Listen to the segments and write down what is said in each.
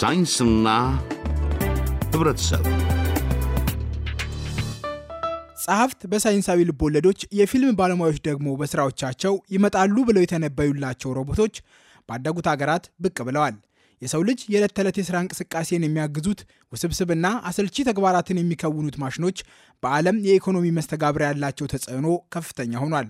ሳይንስና ህብረተሰብ ጸሐፍት በሳይንሳዊ ልቦለዶች የፊልም ባለሙያዎች ደግሞ በሥራዎቻቸው ይመጣሉ ብለው የተነበዩላቸው ሮቦቶች ባደጉት አገራት ብቅ ብለዋል። የሰው ልጅ የዕለት ተዕለት የሥራ እንቅስቃሴን የሚያግዙት ውስብስብና አሰልቺ ተግባራትን የሚከውኑት ማሽኖች በዓለም የኢኮኖሚ መስተጋብር ያላቸው ተጽዕኖ ከፍተኛ ሆኗል።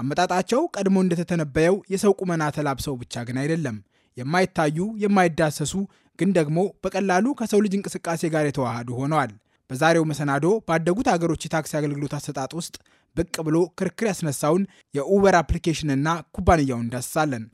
አመጣጣቸው ቀድሞ እንደተተነበየው የሰው ቁመና ተላብሰው ብቻ ግን አይደለም። የማይታዩ የማይዳሰሱ ግን ደግሞ በቀላሉ ከሰው ልጅ እንቅስቃሴ ጋር የተዋሃዱ ሆነዋል። በዛሬው መሰናዶ ባደጉት አገሮች የታክሲ አገልግሎት አሰጣጥ ውስጥ ብቅ ብሎ ክርክር ያስነሳውን የኡበር አፕሊኬሽንና ኩባንያውን እንዳስሳለን።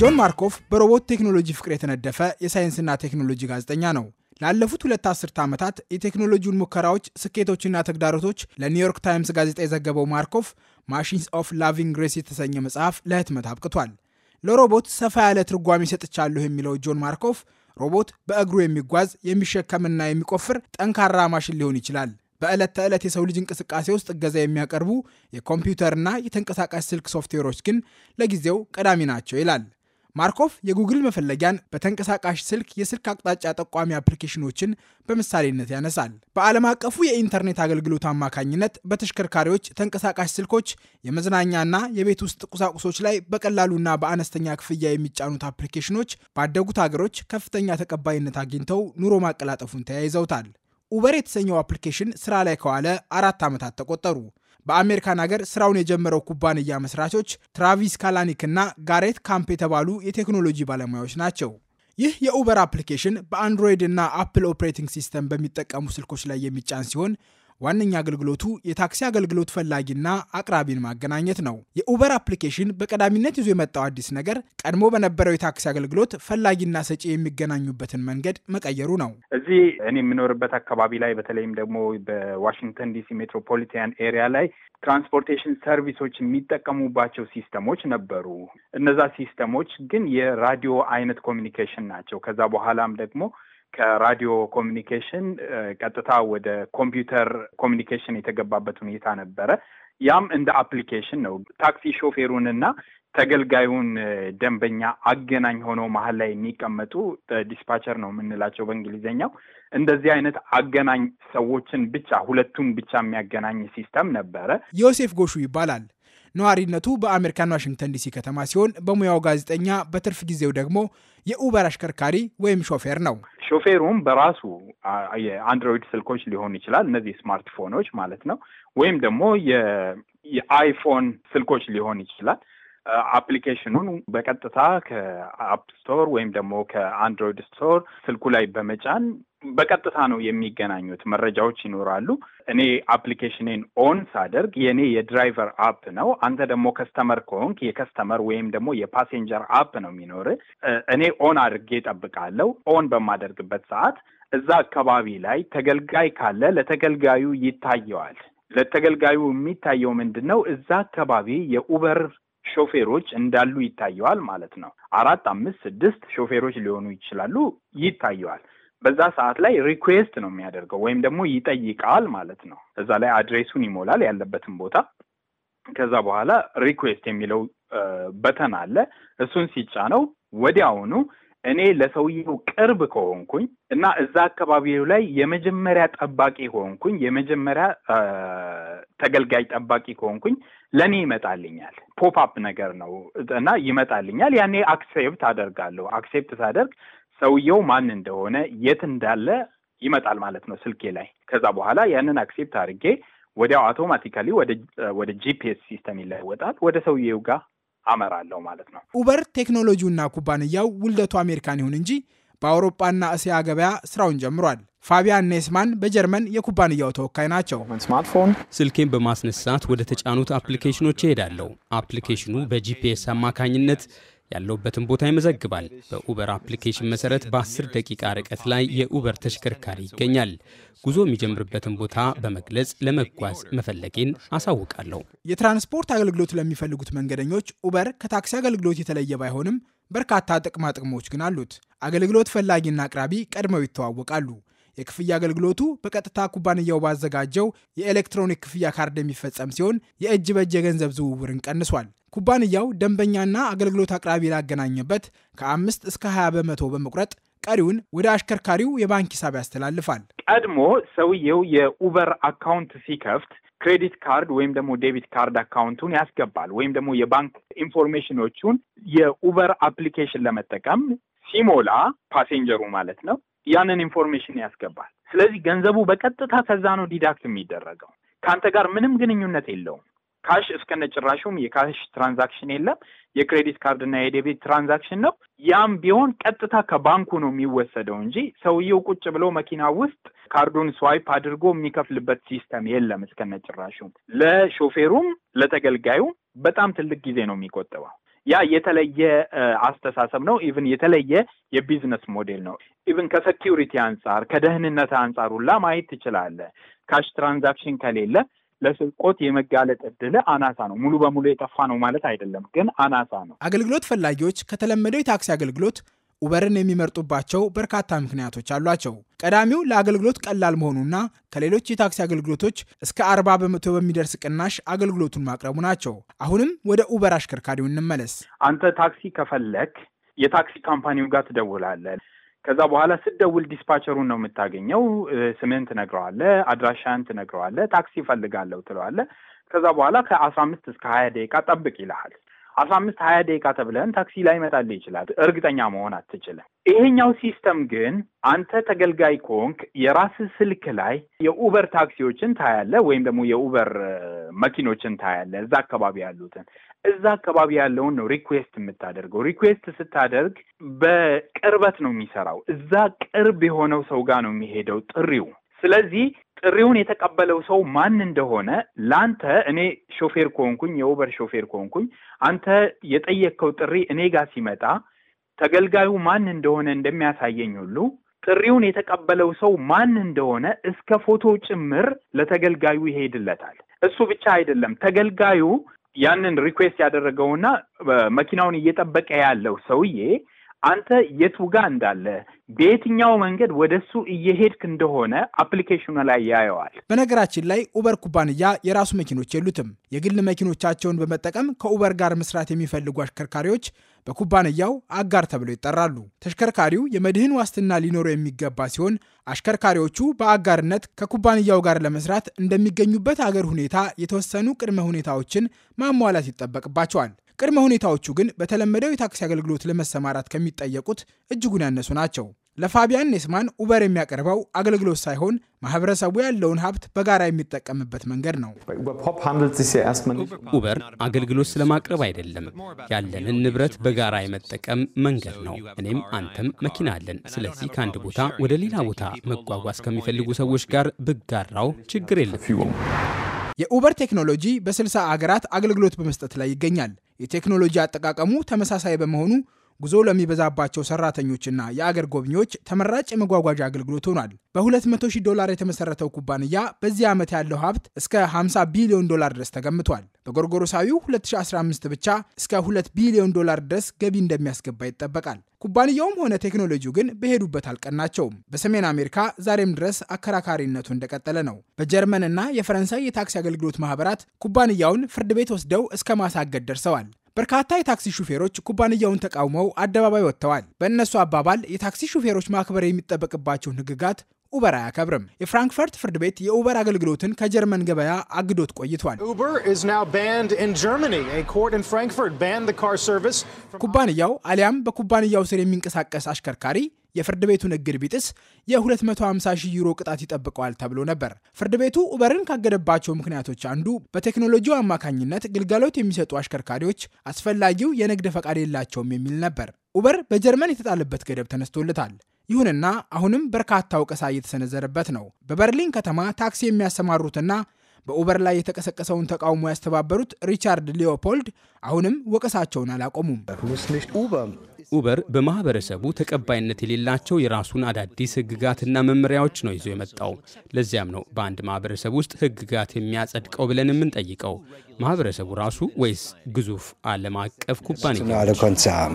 ጆን ማርኮፍ በሮቦት ቴክኖሎጂ ፍቅር የተነደፈ የሳይንስና ቴክኖሎጂ ጋዜጠኛ ነው። ላለፉት ሁለት አስርተ ዓመታት የቴክኖሎጂውን ሙከራዎች፣ ስኬቶችና ተግዳሮቶች ለኒውዮርክ ታይምስ ጋዜጣ የዘገበው ማርኮፍ ማሽንስ ኦፍ ላቪንግ ግሬስ የተሰኘ መጽሐፍ ለህትመት አብቅቷል። ለሮቦት ሰፋ ያለ ትርጓሜ ሰጥቻለሁ የሚለው ጆን ማርኮፍ ሮቦት በእግሩ የሚጓዝ የሚሸከምና የሚቆፍር ጠንካራ ማሽን ሊሆን ይችላል። በዕለት ተዕለት የሰው ልጅ እንቅስቃሴ ውስጥ እገዛ የሚያቀርቡ የኮምፒውተርና የተንቀሳቃሽ ስልክ ሶፍትዌሮች ግን ለጊዜው ቀዳሚ ናቸው ይላል። ማርኮቭ የጉግል መፈለጊያን በተንቀሳቃሽ ስልክ የስልክ አቅጣጫ ጠቋሚ አፕሊኬሽኖችን በምሳሌነት ያነሳል። በዓለም አቀፉ የኢንተርኔት አገልግሎት አማካኝነት በተሽከርካሪዎች ተንቀሳቃሽ ስልኮች፣ የመዝናኛና የቤት ውስጥ ቁሳቁሶች ላይ በቀላሉና በአነስተኛ ክፍያ የሚጫኑት አፕሊኬሽኖች ባደጉት አገሮች ከፍተኛ ተቀባይነት አግኝተው ኑሮ ማቀላጠፉን ተያይዘውታል። ኡበር የተሰኘው አፕሊኬሽን ስራ ላይ ከዋለ አራት ዓመታት ተቆጠሩ። በአሜሪካን ሀገር ስራውን የጀመረው ኩባንያ መስራቾች ትራቪስ ካላኒክ እና ጋሬት ካምፕ የተባሉ የቴክኖሎጂ ባለሙያዎች ናቸው። ይህ የኡበር አፕሊኬሽን በአንድሮይድ እና አፕል ኦፕሬቲንግ ሲስተም በሚጠቀሙ ስልኮች ላይ የሚጫን ሲሆን ዋነኛ አገልግሎቱ የታክሲ አገልግሎት ፈላጊና አቅራቢን ማገናኘት ነው። የኡበር አፕሊኬሽን በቀዳሚነት ይዞ የመጣው አዲስ ነገር ቀድሞ በነበረው የታክሲ አገልግሎት ፈላጊና ሰጪ የሚገናኙበትን መንገድ መቀየሩ ነው። እዚህ እኔ የምኖርበት አካባቢ ላይ በተለይም ደግሞ በዋሽንግተን ዲሲ ሜትሮፖሊታን ኤሪያ ላይ ትራንስፖርቴሽን ሰርቪሶች የሚጠቀሙባቸው ሲስተሞች ነበሩ። እነዛ ሲስተሞች ግን የራዲዮ አይነት ኮሚኒኬሽን ናቸው። ከዛ በኋላም ደግሞ ከራዲዮ ኮሚኒኬሽን ቀጥታ ወደ ኮምፒውተር ኮሚኒኬሽን የተገባበት ሁኔታ ነበረ። ያም እንደ አፕሊኬሽን ነው። ታክሲ ሾፌሩን እና ተገልጋዩን ደንበኛ አገናኝ ሆኖ መሀል ላይ የሚቀመጡ ዲስፓቸር ነው የምንላቸው በእንግሊዝኛው። እንደዚህ አይነት አገናኝ ሰዎችን ብቻ ሁለቱን ብቻ የሚያገናኝ ሲስተም ነበረ። ዮሴፍ ጎሹ ይባላል። ነዋሪነቱ በአሜሪካን ዋሽንግተን ዲሲ ከተማ ሲሆን በሙያው ጋዜጠኛ፣ በትርፍ ጊዜው ደግሞ የኡበር አሽከርካሪ ወይም ሾፌር ነው። ሾፌሩም በራሱ የአንድሮይድ ስልኮች ሊሆን ይችላል፣ እነዚህ ስማርትፎኖች ማለት ነው። ወይም ደግሞ የአይፎን ስልኮች ሊሆን ይችላል። አፕሊኬሽኑን በቀጥታ ከአፕ ስቶር ወይም ደግሞ ከአንድሮይድ ስቶር ስልኩ ላይ በመጫን በቀጥታ ነው የሚገናኙት። መረጃዎች ይኖራሉ። እኔ አፕሊኬሽኔን ኦን ሳደርግ የእኔ የድራይቨር አፕ ነው። አንተ ደግሞ ከስተመር ከሆንክ የከስተመር ወይም ደግሞ የፓሴንጀር አፕ ነው የሚኖር። እኔ ኦን አድርጌ እጠብቃለሁ። ኦን በማደርግበት ሰዓት እዛ አካባቢ ላይ ተገልጋይ ካለ ለተገልጋዩ ይታየዋል። ለተገልጋዩ የሚታየው ምንድን ነው? እዛ አካባቢ የኡበር ሾፌሮች እንዳሉ ይታየዋል ማለት ነው። አራት፣ አምስት፣ ስድስት ሾፌሮች ሊሆኑ ይችላሉ ይታየዋል። በዛ ሰዓት ላይ ሪኩዌስት ነው የሚያደርገው ወይም ደግሞ ይጠይቃል ማለት ነው። እዛ ላይ አድሬሱን ይሞላል ያለበትን ቦታ። ከዛ በኋላ ሪኩዌስት የሚለው በተን አለ። እሱን ሲጫነው ወዲያውኑ እኔ ለሰውየው ቅርብ ከሆንኩኝ እና እዛ አካባቢው ላይ የመጀመሪያ ጠባቂ ከሆንኩኝ የመጀመሪያ ተገልጋይ ጠባቂ ከሆንኩኝ ለእኔ ይመጣልኛል። ፖፕ አፕ ነገር ነው እና ይመጣልኛል። ያኔ አክሴፕት አደርጋለሁ። አክሴፕት ሳደርግ ሰውየው ማን እንደሆነ የት እንዳለ ይመጣል ማለት ነው ስልኬ ላይ። ከዛ በኋላ ያንን አክሴፕት አድርጌ ወዲያው አውቶማቲካሊ ወደ ጂፒኤስ ሲስተም ይለወጣል፣ ወደ ሰውየው ጋር አመራለሁ ማለት ነው። ኡበር ቴክኖሎጂውና ኩባንያው ውልደቱ አሜሪካን ይሁን እንጂ በአውሮፓና እስያ ገበያ ስራውን ጀምሯል። ፋቢያን ኔስማን በጀርመን የኩባንያው ተወካይ ናቸው። ስልኬን በማስነሳት ወደ ተጫኑት አፕሊኬሽኖች እሄዳለሁ። አፕሊኬሽኑ በጂፒኤስ አማካኝነት ያለውበትን ቦታ ይመዘግባል። በኡበር አፕሊኬሽን መሰረት በ10 ደቂቃ ርቀት ላይ የኡበር ተሽከርካሪ ይገኛል። ጉዞ የሚጀምርበትን ቦታ በመግለጽ ለመጓዝ መፈለጌን አሳውቃለሁ። የትራንስፖርት አገልግሎት ለሚፈልጉት መንገደኞች ኡበር ከታክሲ አገልግሎት የተለየ ባይሆንም በርካታ ጥቅማ ጥቅሞች ግን አሉት። አገልግሎት ፈላጊና አቅራቢ ቀድመው ይተዋወቃሉ። የክፍያ አገልግሎቱ በቀጥታ ኩባንያው ባዘጋጀው የኤሌክትሮኒክ ክፍያ ካርድ የሚፈጸም ሲሆን የእጅ በእጅ የገንዘብ ዝውውርን ቀንሷል። ኩባንያው ደንበኛና አገልግሎት አቅራቢ ላገናኘበት ከአምስት እስከ 20 በመቶ በመቁረጥ ቀሪውን ወደ አሽከርካሪው የባንክ ሂሳብ ያስተላልፋል። ቀድሞ ሰውየው የኡበር አካውንት ሲከፍት ክሬዲት ካርድ ወይም ደግሞ ዴቢት ካርድ አካውንቱን ያስገባል ወይም ደግሞ የባንክ ኢንፎርሜሽኖቹን የኡበር አፕሊኬሽን ለመጠቀም ሲሞላ ፓሴንጀሩ ማለት ነው ያንን ኢንፎርሜሽን ያስገባል። ስለዚህ ገንዘቡ በቀጥታ ከዛ ነው ዲዳክት የሚደረገው። ከአንተ ጋር ምንም ግንኙነት የለውም። ካሽ እስከነ ጭራሹም የካሽ ትራንዛክሽን የለም። የክሬዲት ካርድና የዴቢት ትራንዛክሽን ነው። ያም ቢሆን ቀጥታ ከባንኩ ነው የሚወሰደው እንጂ ሰውየው ቁጭ ብሎ መኪና ውስጥ ካርዱን ስዋይፕ አድርጎ የሚከፍልበት ሲስተም የለም። እስከነ ጭራሹም ለሾፌሩም ለተገልጋዩም በጣም ትልቅ ጊዜ ነው የሚቆጥበው። ያ የተለየ አስተሳሰብ ነው። ኢቭን የተለየ የቢዝነስ ሞዴል ነው። ኢቭን ከሴኪሪቲ አንጻር ከደህንነት አንጻር ሁላ ማየት ትችላለህ። ካሽ ትራንዛክሽን ከሌለ ለስርቆት የመጋለጥ እድል አናሳ ነው። ሙሉ በሙሉ የጠፋ ነው ማለት አይደለም፣ ግን አናሳ ነው። አገልግሎት ፈላጊዎች ከተለመደው የታክሲ አገልግሎት ኡበርን የሚመርጡባቸው በርካታ ምክንያቶች አሏቸው። ቀዳሚው ለአገልግሎት ቀላል መሆኑና ከሌሎች የታክሲ አገልግሎቶች እስከ 40 በመቶ በሚደርስ ቅናሽ አገልግሎቱን ማቅረቡ ናቸው። አሁንም ወደ ኡበር አሽከርካሪው እንመለስ። አንተ ታክሲ ከፈለክ የታክሲ ካምፓኒው ጋር ትደውላለህ። ከዛ በኋላ ስደውል ዲስፓቸሩን ነው የምታገኘው። ስምህን ትነግረዋለህ፣ አድራሻህን ትነግረዋለህ፣ ታክሲ እፈልጋለሁ ትለዋለህ። ከዛ በኋላ ከአስራ አምስት እስከ ሀያ ደቂቃ ጠብቅ ይልሃል። አስራ አምስት ሀያ ደቂቃ ተብለን ታክሲ ላይ ይመጣል ይችላል። እርግጠኛ መሆን አትችልም። ይሄኛው ሲስተም ግን አንተ ተገልጋይ ኮንክ የራስ ስልክ ላይ የኡበር ታክሲዎችን ታያለ፣ ወይም ደግሞ የኡበር መኪኖችን ታያለ። እዛ አካባቢ ያሉትን እዛ አካባቢ ያለውን ነው ሪኩዌስት የምታደርገው። ሪኩዌስት ስታደርግ በቅርበት ነው የሚሰራው። እዛ ቅርብ የሆነው ሰው ጋር ነው የሚሄደው ጥሪው። ስለዚህ ጥሪውን የተቀበለው ሰው ማን እንደሆነ ለአንተ እኔ ሾፌር ከሆንኩኝ የኡበር ሾፌር ከሆንኩኝ አንተ የጠየቅከው ጥሪ እኔ ጋር ሲመጣ ተገልጋዩ ማን እንደሆነ እንደሚያሳየኝ ሁሉ ጥሪውን የተቀበለው ሰው ማን እንደሆነ እስከ ፎቶ ጭምር ለተገልጋዩ ይሄድለታል። እሱ ብቻ አይደለም ተገልጋዩ ያንን ሪኩዌስት ያደረገውና መኪናውን እየጠበቀ ያለው ሰውዬ አንተ የቱ ጋር እንዳለ በየትኛው መንገድ ወደሱ እየሄድክ እንደሆነ አፕሊኬሽኑ ላይ ያየዋል። በነገራችን ላይ ኡበር ኩባንያ የራሱ መኪኖች የሉትም። የግል መኪኖቻቸውን በመጠቀም ከኡበር ጋር መስራት የሚፈልጉ አሽከርካሪዎች በኩባንያው አጋር ተብለው ይጠራሉ። ተሽከርካሪው የመድህን ዋስትና ሊኖረው የሚገባ ሲሆን አሽከርካሪዎቹ በአጋርነት ከኩባንያው ጋር ለመስራት እንደሚገኙበት አገር ሁኔታ የተወሰኑ ቅድመ ሁኔታዎችን ማሟላት ይጠበቅባቸዋል። ቅድመ ሁኔታዎቹ ግን በተለመደው የታክሲ አገልግሎት ለመሰማራት ከሚጠየቁት እጅጉን ያነሱ ናቸው። ለፋቢያን ኔስማን ኡበር የሚያቀርበው አገልግሎት ሳይሆን ማህበረሰቡ ያለውን ሀብት በጋራ የሚጠቀምበት መንገድ ነው። ኡበር አገልግሎት ስለማቅረብ አይደለም፣ ያለንን ንብረት በጋራ የመጠቀም መንገድ ነው። እኔም አንተም መኪና አለን። ስለዚህ ከአንድ ቦታ ወደ ሌላ ቦታ መጓጓዝ ከሚፈልጉ ሰዎች ጋር ብጋራው ችግር የለም። የኡበር ቴክኖሎጂ በ60 አገራት አገልግሎት በመስጠት ላይ ይገኛል። የቴክኖሎጂ አጠቃቀሙ ተመሳሳይ በመሆኑ ጉዞ ለሚበዛባቸው ሰራተኞችና የአገር ጎብኚዎች ተመራጭ የመጓጓዣ አገልግሎት ሆኗል። በ200 ሺህ ዶላር የተመሰረተው ኩባንያ በዚህ ዓመት ያለው ሀብት እስከ 50 ቢሊዮን ዶላር ድረስ ተገምቷል። በጎርጎሮሳዊው 2015 ብቻ እስከ 2 ቢሊዮን ዶላር ድረስ ገቢ እንደሚያስገባ ይጠበቃል። ኩባንያውም ሆነ ቴክኖሎጂው ግን በሄዱበት አልቀናቸውም። በሰሜን አሜሪካ ዛሬም ድረስ አከራካሪነቱ እንደቀጠለ ነው። በጀርመንና የፈረንሳይ የታክሲ አገልግሎት ማህበራት ኩባንያውን ፍርድ ቤት ወስደው እስከ ማሳገድ ደርሰዋል። በርካታ የታክሲ ሹፌሮች ኩባንያውን ተቃውመው አደባባይ ወጥተዋል። በእነሱ አባባል የታክሲ ሹፌሮች ማክበር የሚጠበቅባቸውን ህግጋት ኡበር አያከብርም። የፍራንክፈርት ፍርድ ቤት የኡበር አገልግሎትን ከጀርመን ገበያ አግዶት ቆይቷል። ኩባንያው አሊያም በኩባንያው ስር የሚንቀሳቀስ አሽከርካሪ የፍርድ ቤቱን እግድ ቢጥስ የ250 ሺህ ዩሮ ቅጣት ይጠብቀዋል ተብሎ ነበር። ፍርድ ቤቱ ኡበርን ካገደባቸው ምክንያቶች አንዱ በቴክኖሎጂው አማካኝነት ግልጋሎት የሚሰጡ አሽከርካሪዎች አስፈላጊው የንግድ ፈቃድ የላቸውም የሚል ነበር። ኡበር በጀርመን የተጣለበት ገደብ ተነስቶለታል። ይሁንና አሁንም በርካታ ወቀሳ እየተሰነዘረበት ነው። በበርሊን ከተማ ታክሲ የሚያሰማሩትና በኡበር ላይ የተቀሰቀሰውን ተቃውሞ ያስተባበሩት ሪቻርድ ሊዮፖልድ አሁንም ወቀሳቸውን አላቆሙም። ኡበር በማህበረሰቡ ተቀባይነት የሌላቸው የራሱን አዳዲስ ህግጋትና መመሪያዎች ነው ይዞ የመጣው። ለዚያም ነው በአንድ ማህበረሰብ ውስጥ ህግጋት የሚያጸድቀው ብለን የምንጠይቀው። ማህበረሰቡ ራሱ ወይስ ግዙፍ ዓለም አቀፍ ኩባንያ?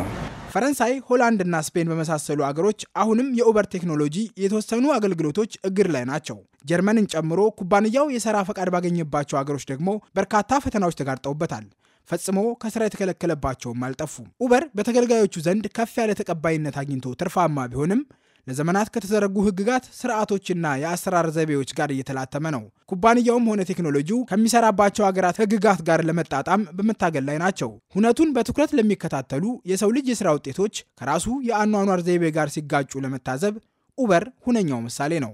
ፈረንሳይ፣ ሆላንድ እና ስፔን በመሳሰሉ አገሮች አሁንም የኡበር ቴክኖሎጂ የተወሰኑ አገልግሎቶች እግር ላይ ናቸው። ጀርመንን ጨምሮ ኩባንያው የሥራ ፈቃድ ባገኘባቸው አገሮች ደግሞ በርካታ ፈተናዎች ተጋርጠውበታል። ፈጽሞ ከስራ የተከለከለባቸውም አልጠፉም። ኡበር በተገልጋዮቹ ዘንድ ከፍ ያለ ተቀባይነት አግኝቶ ትርፋማ ቢሆንም ለዘመናት ከተዘረጉ ህግጋት፣ ስርዓቶችና የአሰራር ዘይቤዎች ጋር እየተላተመ ነው። ኩባንያውም ሆነ ቴክኖሎጂው ከሚሰራባቸው ሀገራት ህግጋት ጋር ለመጣጣም በመታገል ላይ ናቸው። ሁነቱን በትኩረት ለሚከታተሉ የሰው ልጅ የስራ ውጤቶች ከራሱ የአኗኗር ዘይቤ ጋር ሲጋጩ ለመታዘብ ኡበር ሁነኛው ምሳሌ ነው።